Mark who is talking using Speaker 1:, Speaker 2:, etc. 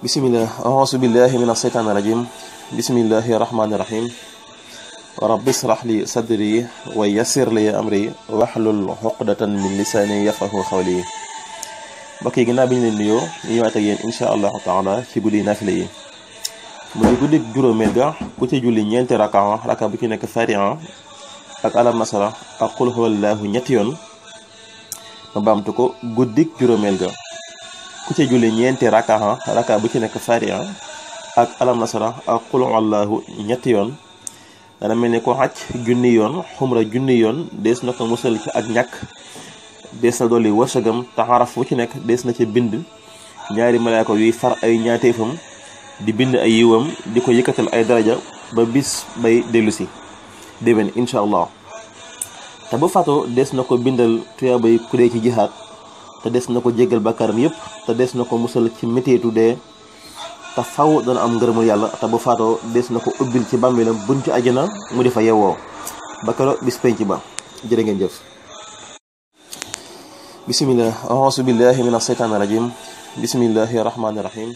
Speaker 1: bismillah ahousubillahi min asheytaan irajim bismillahi irahmaniirahim rabbi israh li sadri wa yassir li amri waxlul xoqdatan min lisaani yafahu xawli yi mbokk yi ginnaaw bi ñu leen nuyoo ñu ñëwaat ak yéen incha allahu ci guddi naafila yi mu di guddi ga ku ci julli ñeenti raka raka bu ci nekk fatiha ak alam nasara ak qul huwallahu ñetti yoon baamtu ko guddi juróomeel ga ku ci julli ñeenti rakaha raka bu ci nekk fatiha ak alam nasara ak qul allahu ñetti yoon dana mel ni ko xaj junni yoon xumra junni yoon dees na ko musal ci ak ñàkk dees na dolli wërsëgam taxaraf bu ci nekk dees na ci bind ñaari malaaka yuy far ay ñaateefam di bind ay yiwam di ko yëkkatal ay daraja ba bis bay dellu si déwén incha allah te bu fato dees na ko bindal tuyaabay ku ci jihaat te des na ko jéggal bàkkaaram yépp te des na ko musal ci méteetu dee te faw dana am ngërëmul yàlla te bu faatoo des na ko ubbil ci bàmmeelam buntu àjjana mu di fa yewwoo ba kero bis penc ba jërë ngeen jëf bismillah auzu